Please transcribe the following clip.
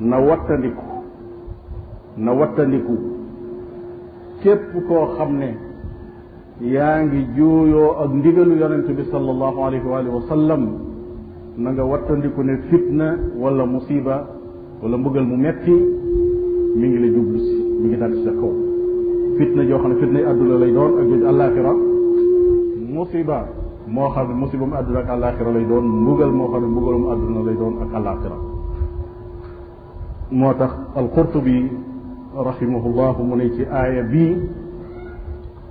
na wattandiku na wattandiku képp koo xam ne yaa ngi juuyoo ak ndigalu yonente bi sallallahu alayhi wa sallam nanga nga wattandiku ne fitna wala musiba wala mbugal mu metti mi ngi la jublu si mu ngi daan ci sa kaw fitna joo xam ne fitna yi àdduna lay doon ak joj àllaaxira musiba moo xam ne musiba mu àdduna ak àllaaxira lay doon mbugal moo xam ne mbugalum àdduna lay doon ak àllaaxira moo tax alqurtubi rahimahullahu mu ne ci aaya bii